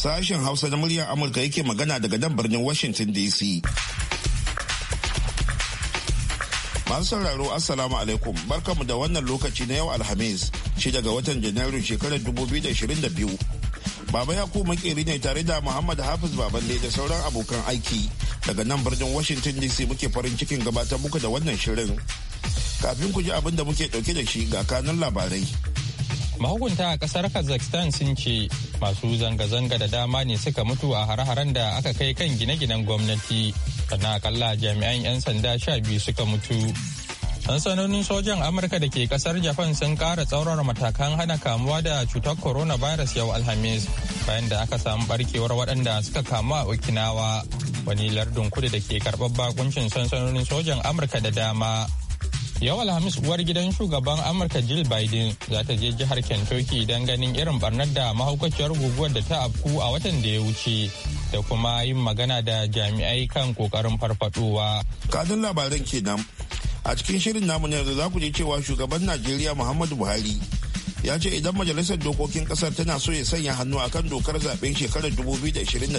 Sashen Hausa na muryar Amurka yake magana daga nan birnin Washington DC. Masu sauraro Assalamu alaikum barkamu da wannan lokaci na yau Alhamis shi daga watan Janairu shekarar 2022. Baba Yakubu makeri ne tare da Muhammad Hafiz Baballe da sauran abokan aiki daga nan birnin Washington DC muke farin cikin gabatar muku da wannan shirin. Kafin ku ji abin da muke dauke da shi ga kanun labarai. mahukunta a kasar kazakhstan sun ce masu zanga-zanga da dama ne suka mutu a har-haren da aka kai kan gine-ginen gwamnati sannan akalla jami'an 'yan sanda sha biyu suka mutu sansanonin sojan amurka da ke kasar japan sun kara tsaurara matakan hana kamuwa da cutar corona virus yau alhamis bayan da aka samu barkewar waɗanda suka kamu a okinawa wani lardin kudu da ke karɓar bakuncin sansanonin sojan amurka da dama Yau Alhamis uwar gidan shugaban Amurka Jill Biden za ta je jihar Kentucky don ganin irin barnar da mahaukaciyar guguwar da ta afku a watan da ya wuce da kuma yin magana da jami'ai kan kokarin farfadowa. Kadin labaran kenan a cikin shirin namu na yanzu za ku ji cewa shugaban Najeriya Muhammadu Buhari ya ce idan majalisar dokokin kasar tana so ya sanya hannu akan dokar zaben shekarar 2021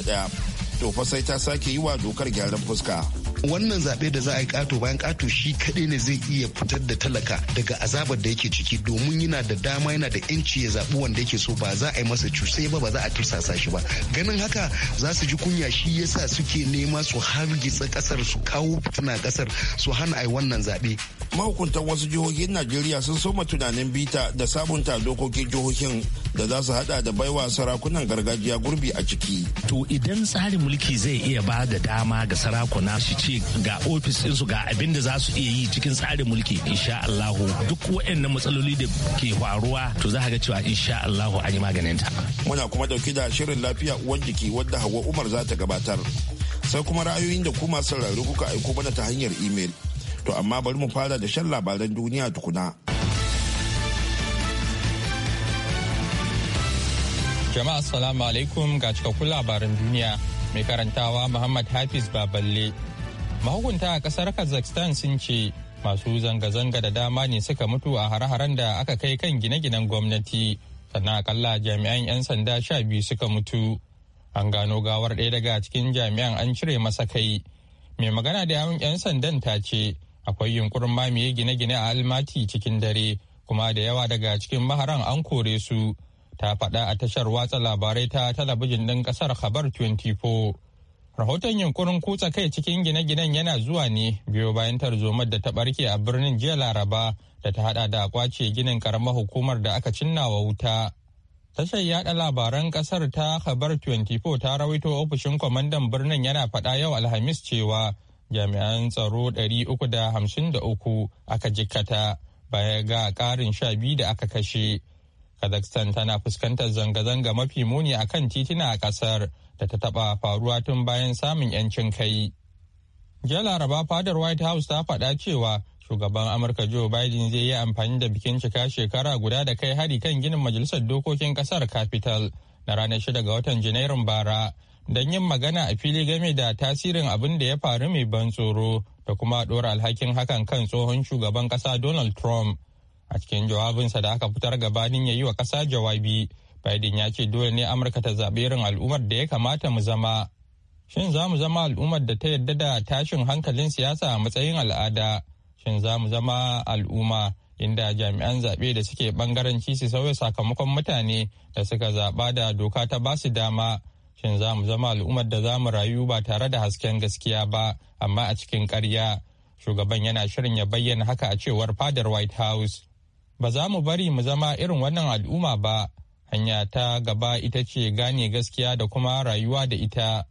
to fa sai ta sake yi wa dokar gyaran fuska. wannan zaɓe da za a yi ƙato bayan ƙato shi kaɗai ne zai iya fitar da talaka daga azabar da yake ciki domin yana da dama yana da yanci ya zaɓi wanda yake so ba za a yi masa cusai ba ba za a tursasa shi ba ganin haka za su ji kunya shi yasa suke nema su hargitsa ƙasar su kawo fitina ƙasar su hana a yi wannan zaɓe. mahukuntan wasu jihohin najeriya sun soma tunanin bita da sabunta dokokin jihohin da za su hada da baiwa sarakunan gargajiya gurbi a ciki. to idan tsarin mulki zai iya ba da dama ga sarakuna su ci ce ga ofis ɗinsu ga abin da za su iya yi cikin tsarin mulki insha Allahu duk waɗannan matsaloli da ke faruwa to za ga cewa insha Allahu an yi maganin ta. Muna kuma dauke da shirin lafiya uwar jiki wadda Hauwa Umar za ta gabatar. Sai kuma ra'ayoyin da kuma sauraro kuka aiko mana ta hanyar imel. To amma bari mu fara da shan labaran duniya tukuna. Jama'a salamu alaikum ga cikakkun labaran duniya mai karantawa Muhammad Hafiz Baballe. mahukunta a kasar kazakhstan sun ce masu zanga-zanga da dama ne suka mutu a hare-haren da aka kai kan gine-ginen gwamnati sannan akalla jami'an 'yan sanda sha biyu suka mutu an gano gawar ɗaya daga cikin jami'an an cire masa kai mai magana da yawun 'yan sandan ta ce akwai yunkurin mamaye gine-gine a almati cikin dare kuma da yawa daga cikin maharan an kore su ta faɗa a tashar watsa labarai ta talabijin ɗin ƙasar khabar 24 Rahoton yunkurin kutsa kai cikin gine-ginen yana zuwa ne biyo bayan tarzomar da ta barke a birnin jiya Laraba da ta hada da kwace ginin karamar hukumar da aka cinna wa wuta. Tashar yada labaran kasar ta Habar 24 ta rawaito ofishin kwamandan birnin yana fada yau Alhamis cewa jami'an tsaro 353 aka jikkata baya ga karin sha biyu da aka kashe. Kazakhstan tana fuskantar zanga-zanga mafi muni akan titina a kasar. da ta taba faruwa tun bayan samun 'yancin kai. Jiya Laraba fadar White House ta faɗa cewa shugaban Amurka Joe Biden zai yi amfani da bikin cika shekara guda da kai hari kan ginin Majalisar Dokokin Ƙasar Capital na ranar shida ga watan Janairun bara don yin magana a fili game da tasirin abin da ya faru mai ban tsoro da kuma ɗora alhakin hakan kan tsohon shugaban ƙasa Donald Trump. A cikin jawabinsa da aka fitar gabanin ya yi wa ƙasa jawabi, Biden ya ce dole ne Amurka ta zaɓi irin al'ummar da ya kamata mu zama. Shin za mu zama al'ummar da ta yarda da tashin hankalin siyasa a matsayin al'ada? Shin za mu zama al'umma inda jami'an zaɓe da suke ɓangaranci su sauya sakamakon mutane da suka zaɓa da doka ta basu dama? Shin za mu zama al'ummar da za mu rayu ba tare da hasken gaskiya ba, amma a cikin ƙarya? Shugaban yana shirin ya bayyana haka a cewar fadar White House. Ba za mu bari mu zama irin wannan al'umma ba, hanya ta gaba ita ce gane gaskiya da kuma rayuwa da ita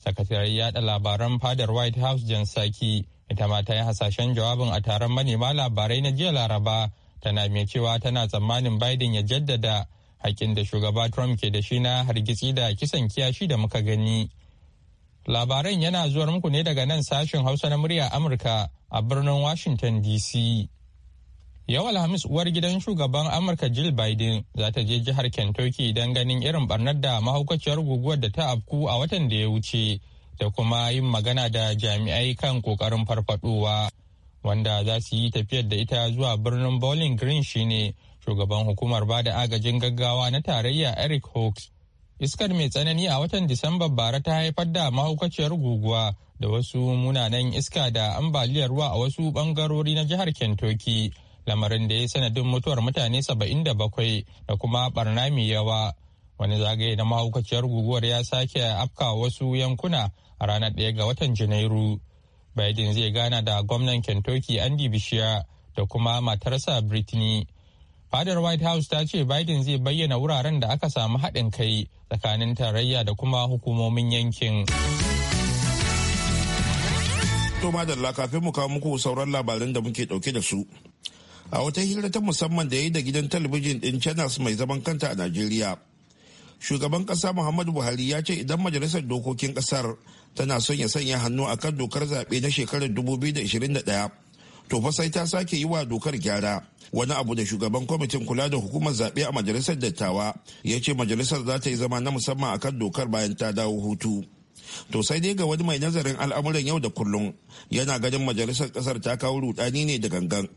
sakatare yada labaran fadar white house jan saki ita ma ta yi hasashen jawabin a taron manema labarai na jiya laraba tana mai cewa tana tsammanin biden ya jaddada hakin da shugaba trump ke da shi na hargitsi da kisan kiyashi da muka gani labaran yana zuwar muku ne daga nan sashen hausa na murya amurka a birnin washington dc Yau Alhamis uwar gidan shugaban Amurka Jill Biden za ta je jihar Kentucky don ganin irin barnar da mahaukaciyar guguwar da ta afku a watan da ya wuce da kuma yin magana da jami'ai kan kokarin farfadowa wanda za su yi tafiyar da ita zuwa birnin Bowling Green shine shugaban hukumar bada agajin gaggawa na tarayya Eric Hawks. Iskar mai tsanani a watan Disamba bara ta haifar da mahaukaciyar guguwa da wasu munanan iska da ambaliyar ruwa a wasu bangarori na jihar Kentucky. lamarin da ya sanadin mutuwar mutane 77 da kuma barna mai yawa wani zagaye na mahaukaciyar guguwar ya sake afka wasu yankuna a ranar ɗaya ga watan janairu biden zai gana da gwamnan kentucky andy bishiya da kuma matarsa brittany fadar white house ta ce biden zai bayyana wuraren da aka samu haɗin kai tsakanin tarayya da kuma hukumomin yankin. to madalla kafin mu kawo muku sauran labaran da muke dauke da su a wata hira ta musamman da ya yi da gidan talabijin din channels mai zaman kanta a najeriya shugaban kasa muhammadu buhari ya ce idan majalisar dokokin kasar tana son ya sanya hannu a kan dokar zaɓe na shekarar 2021 to fa sai ta sake yi wa dokar gyara wani abu da shugaban kwamitin kula da hukumar zaɓe a majalisar dattawa ya ce majalisar za ta yi zama na musamman a kan dokar bayan ta dawo hutu to sai dai ga wani mai nazarin al'amuran yau da kullum yana ganin majalisar kasar ta kawo rudani ne da gangan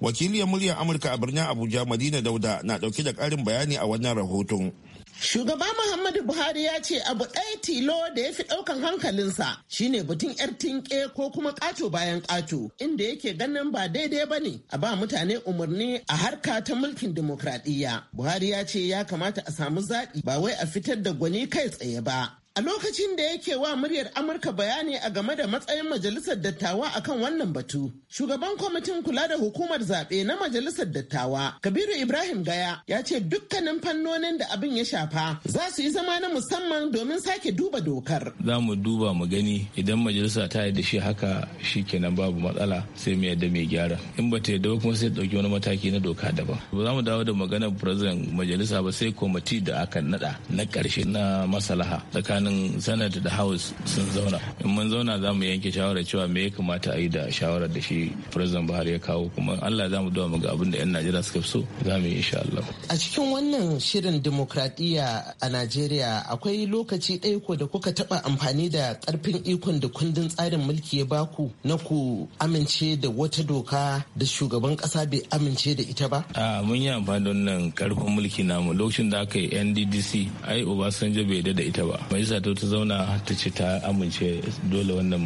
wakiliyar muryar amurka a birnin abuja madina dauda na dauke da karin bayani a wannan rahoton Shugaba Muhammadu Buhari ya ce abu ɗaya tilo da ya fi ɗaukan hankalinsa shine butun 'yar tinke ko kuma ƙato bayan ƙato inda yake ganin ba daidai ba ne a ba mutane umarni a harka ta mulkin dimokuraɗiyya. Buhari ya ce ya kamata a samu zaɓi ba wai a fitar da gwani kai tsaye ba. A lokacin da yake wa muryar Amurka bayani a game da matsayin majalisar dattawa akan wannan batu, shugaban kwamitin kula da hukumar zaɓe na majalisar dattawa, Kabiru Ibrahim Gaya, ya ce dukkanin fannonin da abin ya shafa za su yi zama na musamman domin sake duba dokar. Za mu duba mu gani idan majalisa ta da shi haka shi kenan babu matsala sai mu yadda mai gyara. In ba ta yarda kuma sai ɗauki wani mataki na doka daban. Ba za mu dawo da maganar president majalisa ba sai kwamiti da aka naɗa na ƙarshe na masalaha tsakanin tsakanin senate da house sun zauna in mun zauna za mu yanke shawarar cewa me ya kamata a yi da shawarar da shi president buhari ya kawo kuma allah za mu dawa mu ga abin da yan najeriya suka fi so za mu yi insha allah a cikin wannan shirin demokradiyya a najeriya akwai lokaci ɗaya ko da kuka taɓa amfani da ƙarfin ikon da kundin tsarin mulki ya baku na ku amince da wata doka da shugaban ƙasa bai amince da ita ba a mun yi amfani da wannan ƙarfin mulki namu lokacin da aka yi nddc ai obasanjo bai da ita ba majalisa ta ta zauna ta ce ta amince dole wannan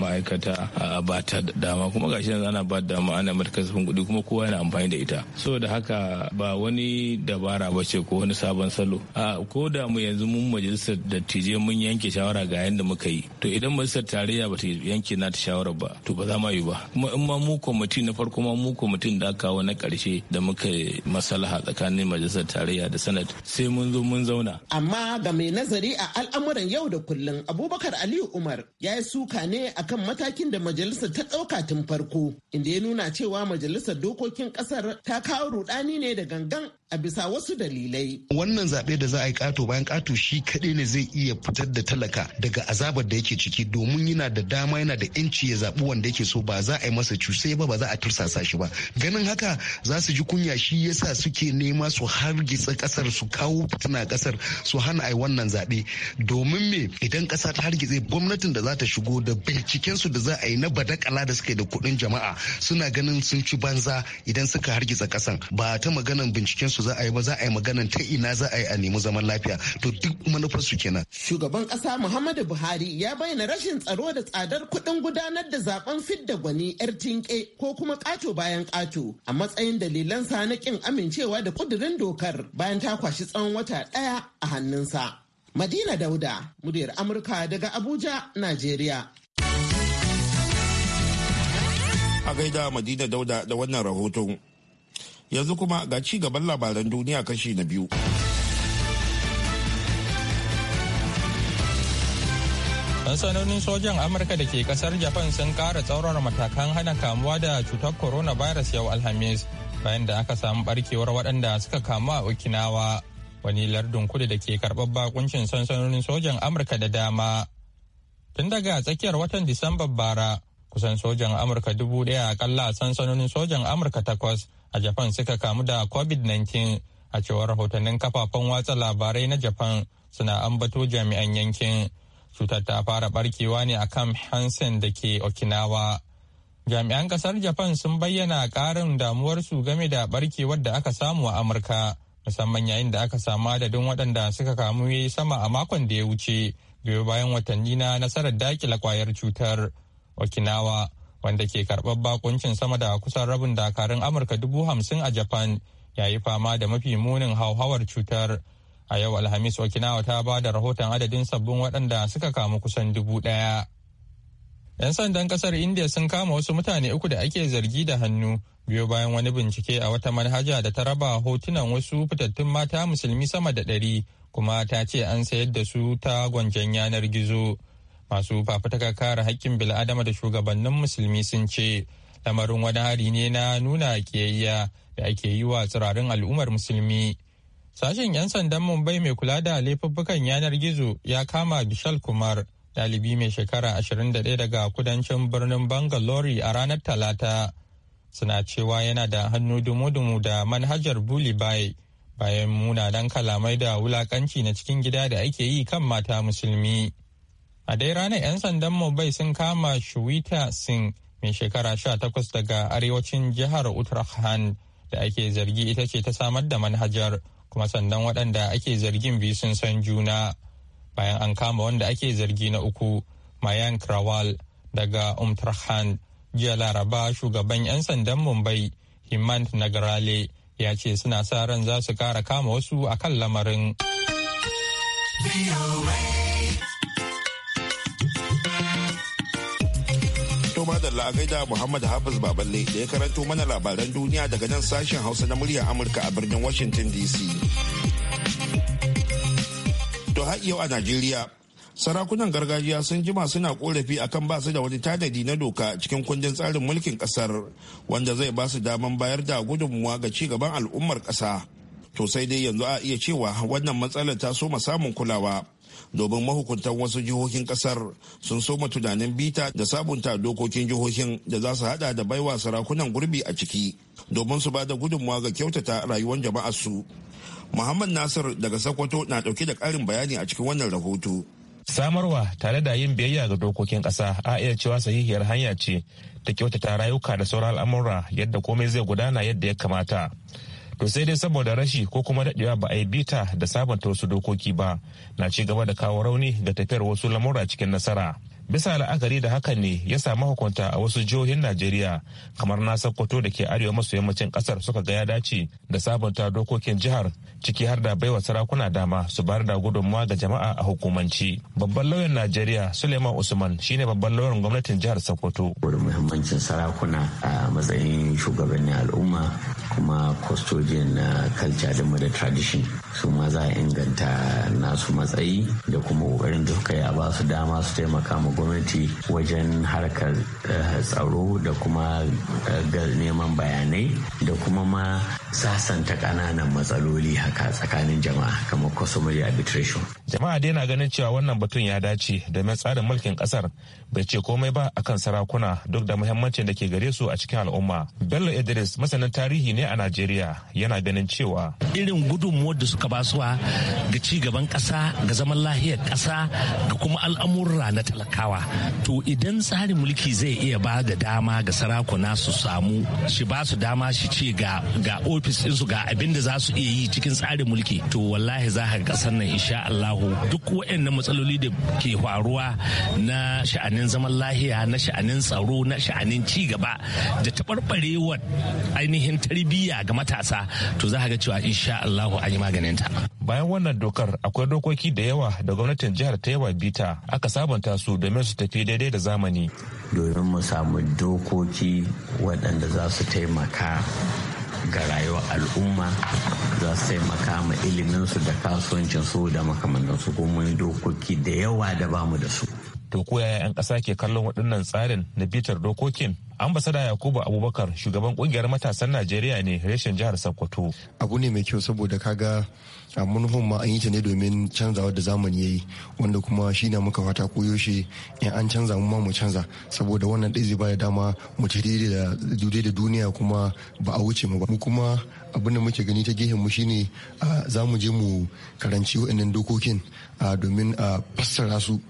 ma'aikata a ba ta dama kuma gashi yanzu ana ba dama ana mata kasafin kuɗi kuma kowa yana amfani da ita so da haka ba wani dabara ba ce ko wani sabon salo a ko da mu yanzu mun majalisar dattijai mun yanke shawara ga yanda muka yi to idan majalisar tarayya ba ta yanke na ta shawara ba to ba za ma yi ba kuma in ma mu kwamiti na farko ma mu kwamitin da aka kawo na ƙarshe da muka maslaha tsakanin majalisar tarayya da sanad sai mun zo mun zauna amma ga mai nazari a al'amuran al'amuran yau da kullum Abubakar Aliyu Umar ya yi suka ne akan matakin da majalisar ta ɗauka tun farko inda ya nuna cewa majalisar dokokin ƙasar ta kawo rudani ne da gangan a bisa wasu dalilai. Wannan zaɓe da za a yi ƙato bayan ƙato shi kaɗai ne zai iya fitar da talaka daga azabar da yake ciki domin yana da dama yana da yanci ya zaɓi wanda yake so ba za a yi masa cuse ba ba za a tursasa shi ba. Ganin haka za su ji kunya shi yasa suke nema su hargitsa ƙasar su kawo fitina ƙasar su hana a yi wannan zaɓe. domin me idan kasa ta hargitse gwamnatin da za ta shigo da binciken su da za a yi na badakala da suke da kuɗin jama'a suna ganin sun ci banza idan suka hargitsa kasan ba ta maganan binciken su za a yi ba za a yi maganan ta ina za a yi a nemi zaman lafiya to duk manufar su kenan shugaban kasa muhammadu buhari ya bayyana rashin tsaro da tsadar kuɗin gudanar da zaben fidda gwani yar tinke ko kuma kato bayan kato a matsayin dalilan sa na kin amincewa da kudurin dokar bayan ta kwashi tsawon wata ɗaya a hannunsa Madina Dauda, muryar Amurka daga Abuja, Najeriya. A gaida Madina Dauda da wannan rahoton. Yanzu kuma ga ci gaban labaran duniya kashi na biyu. sansanonin sojan amurka da ke kasar japan sun kara tsaurara matakan hana kamuwa da cutar coronavirus yau alhamis bayan da aka samu barkewar waɗanda suka kamu a okinawa wani lardin kudu da ke karɓar bakuncin sansanonin sojan amurka da dama tun daga tsakiyar watan disamba bara kusan sojan amurka dubu ɗaya akalla sansanonin sojan amurka takwas a japan suka kamu da covid-19 a cewar rahotannin kafafen watsa labarai na japan suna ambato jami'an yankin cutar ta fara barkewa ne a kan hansen da ke okinawa jami'an kasar japan sun bayyana ƙarin damuwarsu game da barkewar da aka samu a amurka musamman yayin da aka samu adadin waɗanda suka kamu yayi sama a makon da ya wuce biyo bayan watanni na nasarar dakila kwayar cutar okinawa wanda ke karɓar bakuncin sama da kusan rabin dakarun amurka dubu hamsin a japan ya yi fama da mafi munin hauhawar cutar a yau alhamis okinawa ta ba da rahoton adadin sabbin waɗanda suka kamu kusan dubu ɗaya 'yan sandan kasar india sun kama wasu mutane uku da ake zargi da hannu biyo bayan wani bincike a wata manhaja da ta raba hotunan wasu fitattun mata musulmi sama da ɗari kuma ta ce an sayar da su ta gwanjan yanar gizo masu fafutukar kare haƙƙin bil'adama da shugabannin musulmi sun ce lamarin wani hari ne na nuna ƙiyayya da ake yi wa tsirarin al'ummar musulmi sashen 'yan sandan mumbai mai kula da laifuffukan yanar gizo ya kama bishal kumar ɗalibi mai shekara 21 daga kudancin birnin bangalore a ranar talata suna cewa yana da hannu dumu-dumu da manhajar buli baye bayan munanan kalamai da wulakanci na cikin gida da ake yi kan mata musulmi. A dai ranar 'yan sandan Mumbai sun kama Shuita Singh mai shekara sha takwas daga arewacin jihar Uttarakhand da ake zargi ita ce ta samar da manhajar kuma sandan waɗanda ake zargin biyu sun san juna. Bayan an kama wanda ake zargi na uku, Mayank Rawal daga Uttarakhand jiya laraba shugaban 'yan sandan mumbai himant nagarale ya ce suna sa ran za su kara kama wasu a kan lamarin Toma la'agaida Muhammad Hafiz Baballe da ya karanto mana labaran duniya daga nan sashen Hausa na muryar Amurka a birnin Washington DC. To har yau a Najeriya sarakunan gargajiya sun jima suna korafi a kan basu da wani tadadi na doka cikin kundin tsarin mulkin kasar wanda zai ba su daman bayar da gudunmuwa ga ci gaban al'ummar kasa to sai dai yanzu a iya cewa wannan matsalar ta soma samun kulawa domin mahukuntan wasu jihohin kasar sun soma tunanin bita da sabunta dokokin jihohin da za su hada da baiwa sarakunan gurbi a ciki domin su ba da gudunmuwa ga kyautata rayuwar jama'ar su muhammad nasir daga sokoto na dauke da karin bayani a cikin wannan rahoto Samarwa tare da yin biyayya ga dokokin ƙasa a iya cewa sahihiyar hanya ce ta kyautata rayuka da sauran al'amura yadda komai zai gudana yadda ya kamata. To sai dai saboda rashi ko kuma daɗewa ba a yi bita da sabanta wasu dokoki ba na ci gaba da kawo rauni ga tafiyar wasu lamura cikin nasara. bisa la'akari da hakan ne ya samu hukunta a wasu jihohin najeriya kamar na sokoto da ke arewa maso yammacin kasar suka ga ya dace da sabunta dokokin jihar ciki har da baiwa sarakuna dama su bayar da gudunmuwa ga jama'a a hukumanci babban lauyan najeriya suleiman usman shine babban lauyan gwamnatin jihar sokoto wani muhimmancin sarakuna a matsayin shugabannin al'umma kuma kwastojin na culture da da tradition su ma za a inganta nasu matsayi da kuma kokarin da suka yi a ba su dama su taimaka mu gwamnati wajen harkar eh, tsaro da kuma eh, ga neman bayanai da kuma ma sasanta kananan matsaloli haka tsakanin jama'a kamar customary arbitration jama'a dai na ganin cewa wannan batun ya dace da tsarin mulkin kasar. bai ce komai ba akan sarakuna duk da muhimmancin da ke gare su a cikin al'umma bello idris masanin tarihi ne a najeriya yana ganin cewa irin gudunmuwar da suka basuwa ga ci gaban kasa ga zaman lahiyar ƙasa ga kuma al'amurra na talakawa to idan tsarin mulki zai iya ba da dama ga sarakuna su samu shi ba su dama shi ce ga ofis ɗinsu ga abin da za su iya yi cikin tsarin mulki to wallahi za ka kasar nan insha Allahu duk waɗannan matsaloli da ke faruwa na sha'anin sha'anin zaman lahiya na sha'anin tsaro na sha'anin ci gaba da taɓarɓarewar ainihin tarbiyya ga matasa to za ga cewa insha Allahu an yi maganin ta. Bayan wannan dokar akwai dokoki da yawa da gwamnatin jihar ta yawa bita aka sabanta su domin su tafi daidai da zamani. Domin mu samu dokoki waɗanda za su taimaka ga rayuwar al'umma za su taimaka ma iliminsu da kasuwancin su da makamantansu ko dokoki da yawa da bamu da su to ko yaya 'yan ƙasa ke kallon waɗannan tsarin na bitar dokokin ambasada yakubu abubakar shugaban ƙungiyar matasan najeriya ne reshen jihar sokoto abu ne mai kyau saboda kaga a manufan ma an yi ta ne domin canzawa da zamani ya yi wanda kuma shi na muka fata koyo shi in an canza mu ma mu canza saboda wannan ɗai zai bada dama mu ta daidai da duniya kuma ba a wuce mu ba mu kuma abin da muke gani ta gehen mu shine za mu je mu karanci wa'annan dokokin domin a fassara su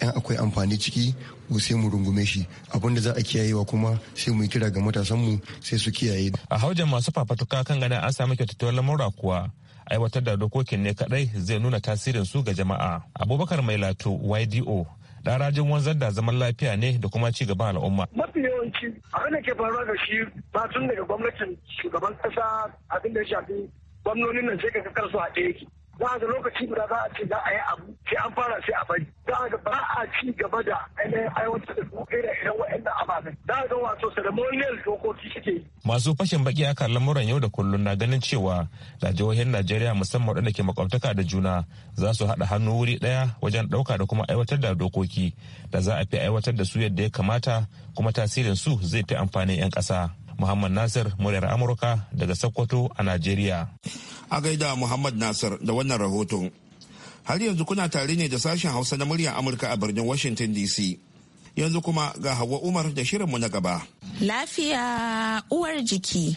yan akwai amfani ciki sai mu rungume shi abinda za a kiyayewa kuma sai mu kira ga matasanmu sai su kiyaye. a haujan masu fafatuka kan gani an samu kyautattuwar lamura kuwa aiwatar da dokokin ne kadai zai nuna tasirin su ga jama'a abubakar mai lato ydo ɗarajin wanzar da zaman lafiya ne da kuma ci gaban al'umma. Mafi yawanci abin da ke faruwa da shi ba tun daga gwamnatin shugaban kasa abin da ya shafi gwamnonin nan sai ka kakar su a ɗaya za ga lokaci da za a ce za a yi abu sai an fara sai a bari za ga ba a ci gaba da ainihin aiwatar da kuma irin irin waɗannan ababen za ga wato ceremonial dokoki suke masu fashin baki akan lamuran yau da kullum na ganin cewa da jihohin Najeriya musamman waɗanda ke makwabtaka da juna za su haɗa hannu wuri ɗaya wajen ɗauka da kuma aiwatar da dokoki da za a fi aiwatar da su yadda ya kamata kuma tasirin su zai fi amfanin 'yan ƙasa. Muhammad Nasir muryar Amurka daga Sokoto a Najeriya. A gaida Muhammad Nasir da wannan rahoton. Har yanzu kuna tare ne da sashen Hausa na muryar Amurka a birnin Washington DC. Yanzu kuma ga Hauwa Umar da shirinmu na gaba. Lafiya uwar jiki.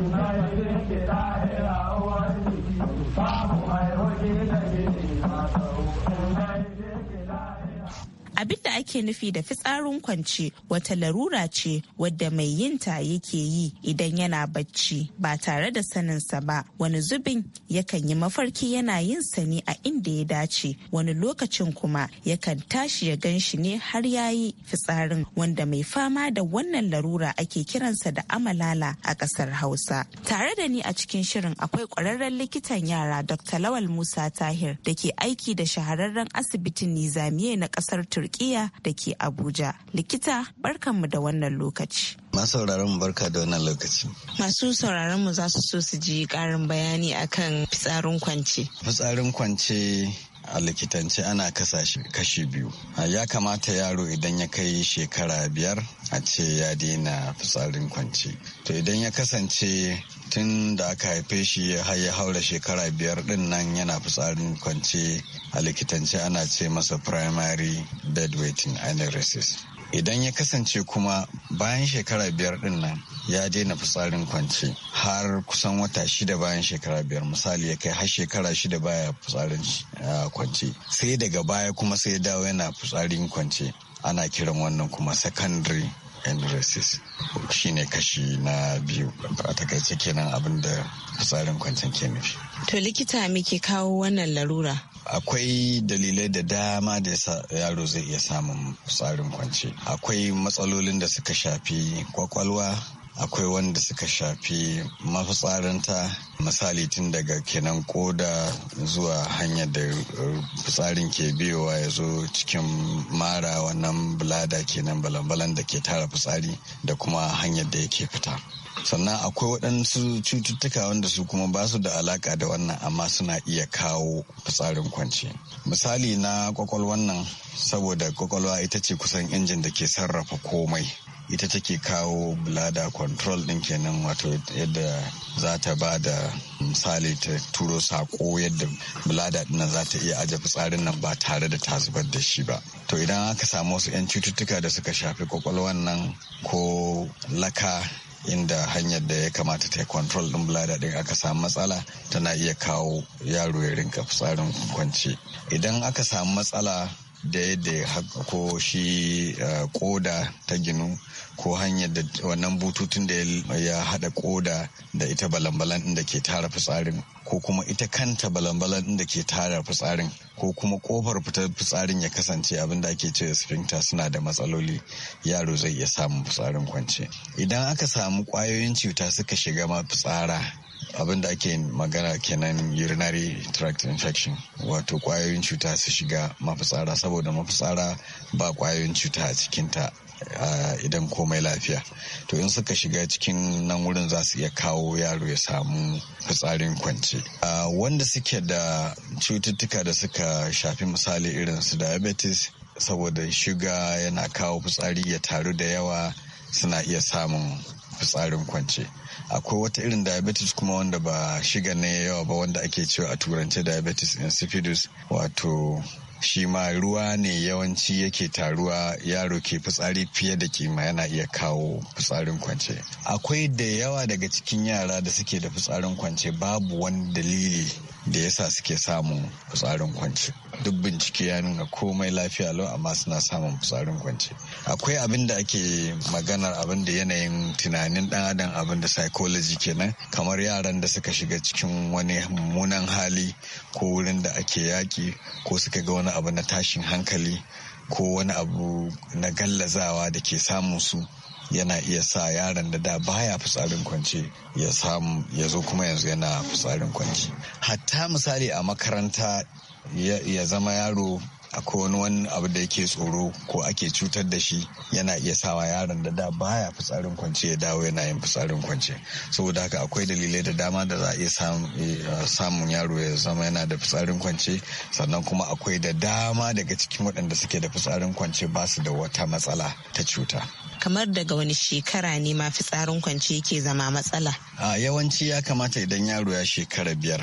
abin da ake nufi da fitsarin kwance wata larura ce wadda mai yinta yake yi idan yana bacci ba tare da saninsa ba wani zubin yakan yi mafarki yana yin sani a inda ya dace wani lokacin kuma yakan tashi ya gan shi ne har yayi fitsarin wanda mai fama da wannan larura ake kiransa da amalala a ƙasar hausa tare da ni a cikin shirin akwai ƙwararren likitan yara dr lawal musa tahir da ke aiki da shahararren asibitin nizamiye na ƙasar turkiyya turkiya da ke abuja likita barkanmu da wannan lokaci masu sauraron barka da wannan lokaci masu sauraron mu za su so su ji karin bayani akan fitsarin kwance fitsarin kwance a likitance ana kasa kashi biyu ya kamata yaro idan ya kai shekara biyar a ce ya daina fitsarin kwance to idan ya kasance tun da aka haife shi har ya haura shekara biyar din nan yana fitsarin kwance a likitance ana ce masa primary bedwetting analysis idan ya kasance kuma bayan shekara biyar din nan ya daina fitsarin kwance har kusan wata shida bayan shekara biyar misali ya kai har shekara shida baya fitsarin ah, kwance sai daga baya kuma sai dawo yana fitsarin kwance ana kiran wannan kuma secondary nrss shine kashi na biyu a takaice kenan abin da tsarin kwancin ke nufi to likita muke kawo wannan larura akwai dalilai da dama da yaro zai iya samun tsarin kwanci akwai matsalolin da suka shafi kwakwalwa akwai wanda suka shafi mafitsarinta misali tun daga kenan koda zuwa hanyar da fitsarin ke biyowa ya zo cikin mara wannan bulada kenan balan-balan da ke tara fitsari da kuma hanyar da yake fita sannan akwai waɗansu cututtuka wanda su kuma ba su da alaka da wannan amma suna iya kawo fitsarin kwance misali na kwakwalwan nan saboda kwakwalwa ita ce kusan injin da ke sarrafa komai ita take kawo bladder control din kenan wato yadda za ta ba da misali ta turo sako yadda bladder din za ta iya aje fitsarin nan ba tare da ta zubar da shi ba to idan aka samu wasu 'yan cututtuka da suka shafi kwakwalwan nan ko laka inda hanyar da ya kamata ta control din bladder din aka samu matsala tana iya kawo yaro ya rinka fitsarin kwance idan aka samu matsala da yadda ko shi koda eh, ta ginu ko hanyar da wannan bututun da ya hada koda da ita balambalan da ke tara fitsarin ko kuma ita kanta balambalan da ke tara fitsarin ko kuma kofar fitar fitsarin ya kasance abin da ake ce sphincter suna da matsaloli yaro zai iya samun fitsarin kwance idan aka samu kwayoyin cuta suka shiga ma fitsara abin da ake magana kenan urinary tract infection wato kwayoyin cuta su shiga mafitsara saboda mafitsara ba kwayoyin cuta a cikinta idan komai lafiya to in suka shiga cikin nan wurin za su iya kawo yaro ya samu fitsarin kwance wanda suke da cututtuka da suka shafi misali irin su diabetes saboda shiga yana kawo fitsari ya taru da yawa suna iya samun fitsarin kwance akwai wata irin diabetes kuma wanda ba shiga ne yawa ba wanda ake cewa a turance diabetes insipidus wato shi ma ruwa ne yawanci yake taruwa yaro ke fitsari fiye da kima yana iya kawo fitsarin kwance akwai da yawa daga cikin yara da suke da fitsarin kwance babu wani dalili da yasa suke samun fitsarin kwance duk bincike ya nuna komai lafiya lau amma suna samun fitsarin kwance akwai abin da ake maganar abin da yanayin tunanin dan adam abin da psychology kenan kamar yaran da suka shiga cikin wani mummunan hali ko wurin da ake yaki ko suka ga wani wani abu na tashin hankali ko wani abu na gallazawa da ke samun su yana iya sa yaron da da baya fitsarin kwance ya samu ya zo kuma yanzu yana fitsarin kwance hatta misali a makaranta ya zama yaro akwai wani wani abu da yake tsoro ko ake cutar da shi yana iya sawa yaron da da baya fitsarin kwance ya dawo yana yin fitsarin kwance saboda haka akwai dalilai da dama da za a iya eh, samun yaro ya zama yana da fitsarin kwance sannan kuma akwai da dama daga cikin waɗanda suke da fitsarin kwance ba su da wata matsala ta cuta kamar daga wani shekara ne ma fitsarin kwance yake zama matsala a yawanci ya kamata idan yaro ya shekara biyar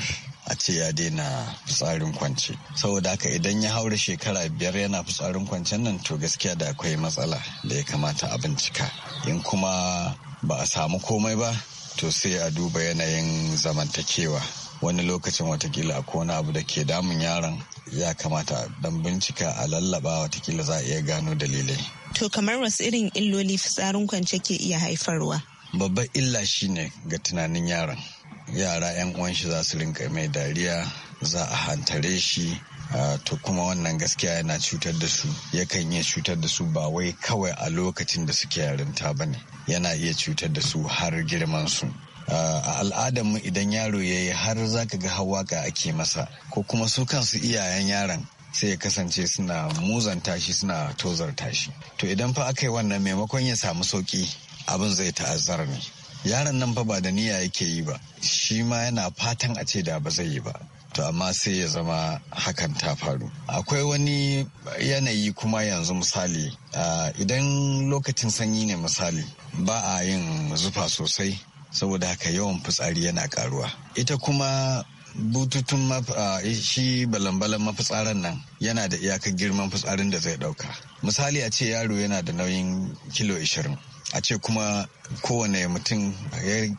a ce ya daina fitsarin kwance saboda haka idan ya haura shekara biyar yana fitsarin kwancen nan to gaskiya da akwai matsala da ya kamata a bincika in kuma ba a samu komai ba to sai a duba yanayin zamantakewa wani lokacin watakila a kona abu da ke damun yaron ya kamata dan bincika a lallaba watakila za a iya gano dalilai. To kamar wasu irin illoli fitsarin kwance ke iya haifarwa? Babbar illa shine ga tunanin yaron. yara 'yan uwan shi za su rinka mai dariya za a hantare shi to kuma wannan gaskiya yana cutar da su yakan iya cutar da su ba wai kawai a lokacin da suke yarinta ba ne yana iya cutar da su har girman su a mu idan yaro ya yi har za ka ga hawaka ake masa ko kuma su kansu iyayen yaron sai ya kasance suna muzanta shi suna tozarta shi to idan fa aka yi wannan maimakon ya samu sauki abin zai ta'azzara ne yaron nan fa ba da niyya yake yi ba shi ma yana fatan a ce da ba zai yi ba to amma sai ya zama hakan ta faru akwai wani yanayi kuma yanzu misali idan lokacin sanyi ne misali ba a yin zufa sosai saboda haka yawan fitsari yana karuwa ita kuma bututun shi balambalan mafitsaran nan yana da iyakar girman fitsarin da zai dauka misali a ce yaro yana da nauyin kilo 20 a ce kuma kowane mutum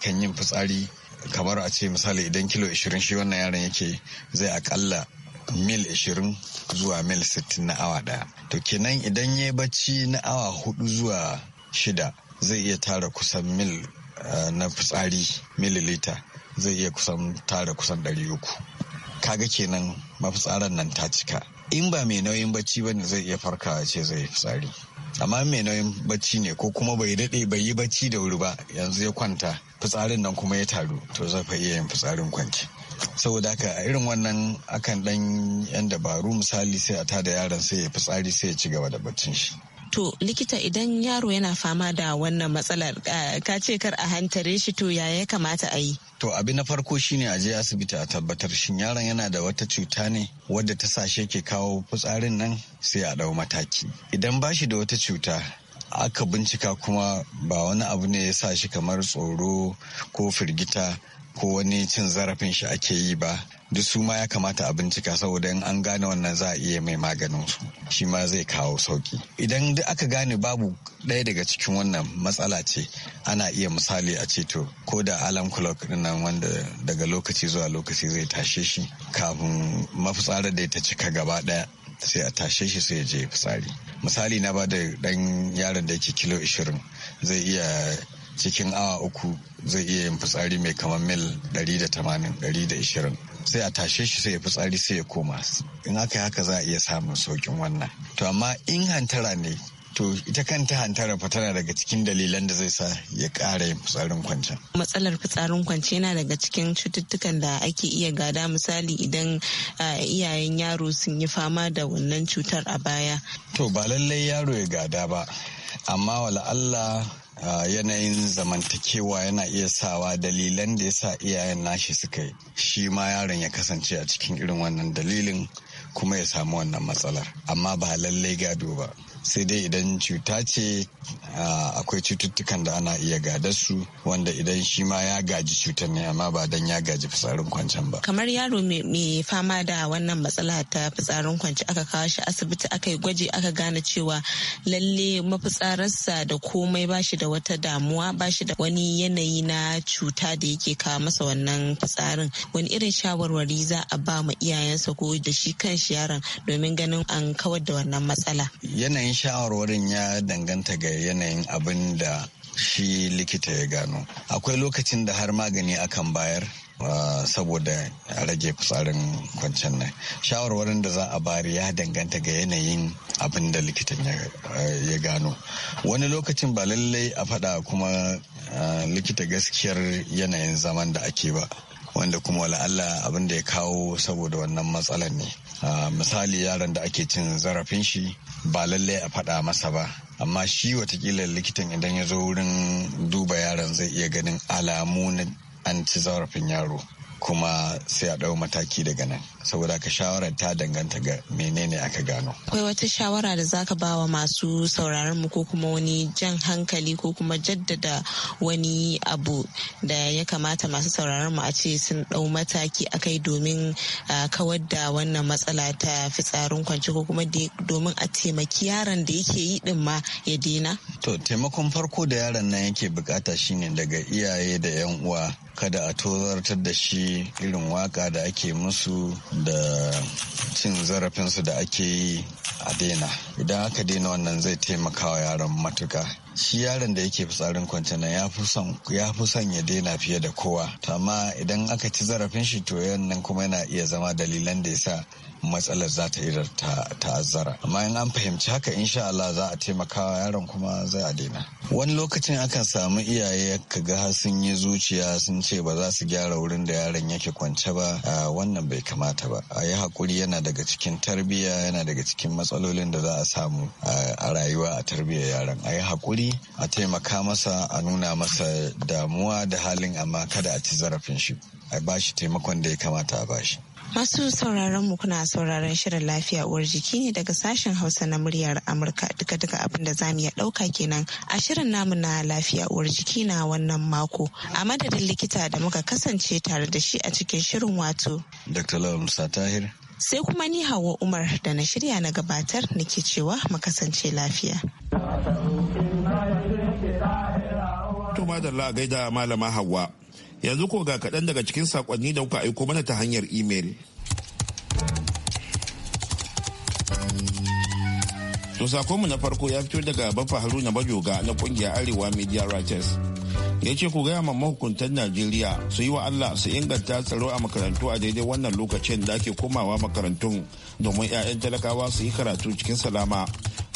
kan yin fitsari kamar a ce misali idan kilo 20 shi wannan yaron yake zai akalla mil 20 zuwa mil 60 na awa daya to kenan idan ya bacci na awa 4 zuwa 6 zai iya tara kusan mil eh, na fitsari mililita zai iya kusan tara kusan 300 kaga kenan mafitsaran nan ta cika in ba mai nauyin bacci ba ne zai iya farkawa ce zai fitsari amma mai nauyin bacci ne ko kuma bai daɗe bai yi bacci da wuri ba yanzu ya kwanta fitsarin nan kuma ya taru to zai fa iya yin fitsarin kwanki saboda haka a irin wannan akan ɗan yan dabaru misali sai a tada yaron sai ya fitsari sai ya ci gaba da baccin shi To likita idan yaro yana fama da wannan matsalar eh, ka ce kar a hantare shi to ya ya kamata a yi? To abin na farko shine a je asibiti a tabbatar shin yaron yana da wata cuta ne wadda ta sashe ke kawo fitsarin nan sai a dau mataki. Idan ba shi da wata cuta aka bincika kuma ba wani abu ne ya sa shi kamar tsoro ko firgita ko wani cin zarafin shi ake yi ba duk su ma ya kamata a bincika saboda in an gane wannan za a iya mai maganin su shi ma zai kawo sauki idan duk aka gane babu ɗaya daga cikin wannan matsala ce ana iya misali a ce to ko da alam clock dinnan wanda daga lokaci zuwa lokaci zai tashe shi kafin mafitsarar da ta cika gaba ɗaya sai a tashe shi sai ya je fitsari misali na ba da ɗan yaron da yake kilo 20 zai iya cikin awa uku zai iya yin fitsari mai kamar mil 180-120 sai a tashe shi sai ya fitsari sai ya koma in aka yi haka za a iya samun saukin wannan to amma in hantara ne to ita kanta hantara fa tana daga cikin dalilan da zai sa ya ƙara yin fitsarin kwance. Matsalar fitsarin kwance yana daga cikin cututtukan da ake iya gada misali idan iyayen yaro sun yi fama da wannan cutar a baya. To ba lallai yaro ya gada ba, amma wala Allah yanayin zamantakewa yana iya sawa dalilan da ya sa iyayen nashi suka yi shi ma yaron ya kasance a cikin irin wannan dalilin kuma ya samu wannan matsalar amma ba lallai gado ba sai dai idan cuta ce akwai cututtukan da ana iya gada su wanda idan shi ma ya gaji cutar ne amma ba dan ya gaji fitsarin kwancen ba kamar yaro mai fama da wannan matsala ta fitsarin kwance aka kawo shi asibiti aka yi gwaji aka gane cewa lalle mafitsararsa da komai ba shi da wata damuwa ba shi da wani yanayi na cuta da yake kawo masa wannan fitsarin wani irin shawarwari za a ba ma iyayensa ko da shi kan shi yaron domin ganin an kawar da wannan matsala yanayin yanayin shawarwarin ya danganta ga yanayin abin da shi likita ya gano akwai lokacin da har magani akan bayar ah, saboda a rage fitsarin kwancen nan shawarwarin da za a bari ya danganta ga yanayin abin da likitan eh, ya gano wani lokacin ba lallai a faɗa kuma ah, likita gaskiyar yanayin zaman da ake ba wanda kuma wala Allah abin da ya kawo saboda wannan matsalar ne misali yaron da ake cin zarafin shi ba lallai a faɗa masa ba amma shi watakila likitan idan ya zo wurin duba yaron zai iya ganin alamu na an ci zarafin yaro kuma sai a ɗau mataki daga nan saboda ka shawarar ta danganta ga menene aka gano akwai wata shawara da zaka ba wa masu sauraron mu ko kuma wani jan hankali ko kuma jaddada wani abu da ya kamata masu sauraron mu a ce sun ɗau mataki a kai domin kawar da wannan matsala ta fitsarin kwance ko kuma domin a taimaki yaron da yake yi din ma ya dena To taimakon farko da yaron nan yake bukata shine daga iyaye da 'yan uwa kada a tozartar da shi irin waka da ake musu da cin zarafinsu da ake yi a daina. Idan aka daina wannan zai taimaka wa yaron matuka. shi yaron da yake fitsarin kwance ya fi son ya daina fiye da kowa amma idan aka ci zarafin shi to nan kuma yana iya zama dalilan da ya sa matsalar za ta ta ta'azzara amma in an fahimci haka insha Allah za a taimakawa yaron kuma zai a daina wani lokacin akan samu iyaye ka ga sun yi zuciya sun ce ba za su gyara wurin da yaron yake kwance ba wannan bai kamata ba a yi hakuri yana daga cikin tarbiyya yana daga cikin matsalolin da za a samu a rayuwa a tarbiyyar yaron a yi hakuri wuri a taimaka masa a nuna masa damuwa da halin amma kada a ci zarafin shi a bashi taimakon da ya kamata a bashi. Masu sauraron mu kuna sauraron shirin lafiya uwar jiki ne daga sashen Hausa na muryar Amurka duka duka abin da zamu iya dauka kenan a shirin namu na lafiya uwar jiki na wannan mako a madadin likita da muka kasance tare da shi a cikin shirin wato. Dr. Lawal Musa Tahir. Sai kuma ni Hauwa Umar da na shirya na gabatar nake cewa mu kasance lafiya. To madalla a gaida malama Hauwa. Yanzu ko ga kaɗan daga cikin sakonni da kuka aiko mana ta hanyar imel. To sakonmu na farko ya fito daga Baffa Haruna Bajoga na kungiyar Arewa Media Writers. ya ce ku gaya ma mahukuntan najeriya su yi wa allah su inganta tsaro a makarantu a daidai wannan lokacin da ake komawa makarantun domin 'ya'yan talakawa su yi karatu cikin salama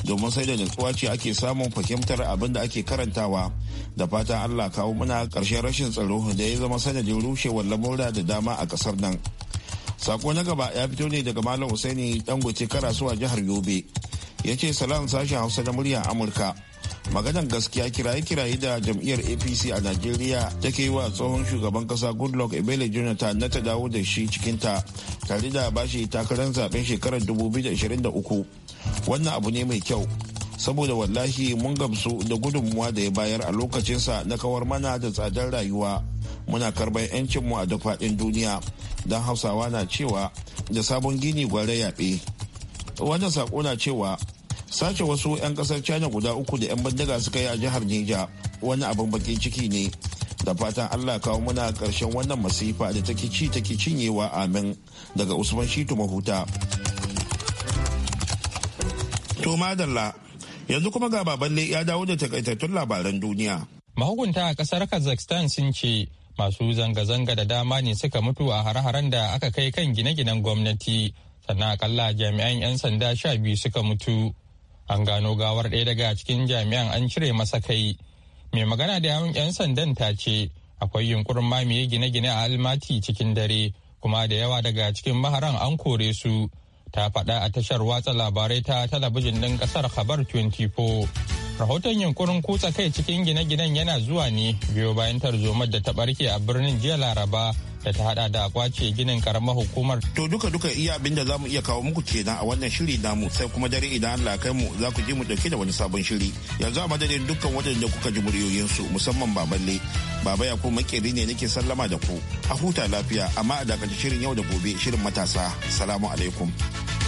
domin sai da nutsuwa ce ake samun fahimtar abin da ake karantawa da fatan allah kawo muna karshen rashin tsaro da ya zama sanadin rushewar lamura da dama a ƙasar nan sako na gaba ya fito ne daga malam husaini dangote karasuwa jihar yobe ya ce salam sashen hausa na murya amurka maganan gaskiya kiraye-kiraye da jam'iyyar apc a najeriya take yi wa tsohon shugaban kasa goodluck ebele jonathan na ta dawo da shi cikinta tare da bashi takarar zaben shekarar 2023 wannan abu ne mai kyau saboda wallahi mun gamsu da gudunmuwa da ya bayar a lokacinsa na kawar mana da tsadar rayuwa muna karɓar 'yancinmu a dafaɗin duniya don hausawa na cewa da sabon gini gware yaɓe wannan sako na cewa sace wasu 'yan ƙasar china guda uku da 'yan bindiga suka yi a jihar neja wani abin bakin ciki ne da fatan allah kawo muna ƙarshen wannan masifa da take ci take cinyewa amin daga usman shitu mahuta To madalla yanzu kuma ga baballe ya dawo da takaitattun labaran duniya. Mahukunta a kasar Kazakhstan sun ce masu zanga-zanga da dama ne suka mutu a hare-haren da aka kai kan gine-ginen gwamnati sannan akalla jami'an 'yan sanda sha biyu suka mutu. An gano gawar ɗaya daga cikin jami'an an cire masa kai. Mai magana da yawun 'yan sandan ta ce akwai yunkurin mamaye gine-gine a almati cikin dare kuma da yawa daga cikin maharan an kore su. ta faɗa a tashar watsa labarai ta talabijin ɗin ƙasar Khabar 24. Rahoton yunkurin kutsa kai cikin gine-ginen yana zuwa ne biyo bayan tarzomar da ta ɓarke a birnin jiya Laraba da ta hada da kwace ginin karamar hukumar. To duka duka iya abin da za mu iya kawo muku kenan a wannan shiri namu sai kuma dare idan Allah kai mu za ku ji mu dauke da wani sabon shiri. Yanzu a madadin dukkan waɗanda kuka ji muryoyinsu musamman baballe. Baba ya ko makeri ne nake sallama da ku. A huta lafiya amma a dakaci shirin yau da gobe shirin matasa. Salamu alaikum.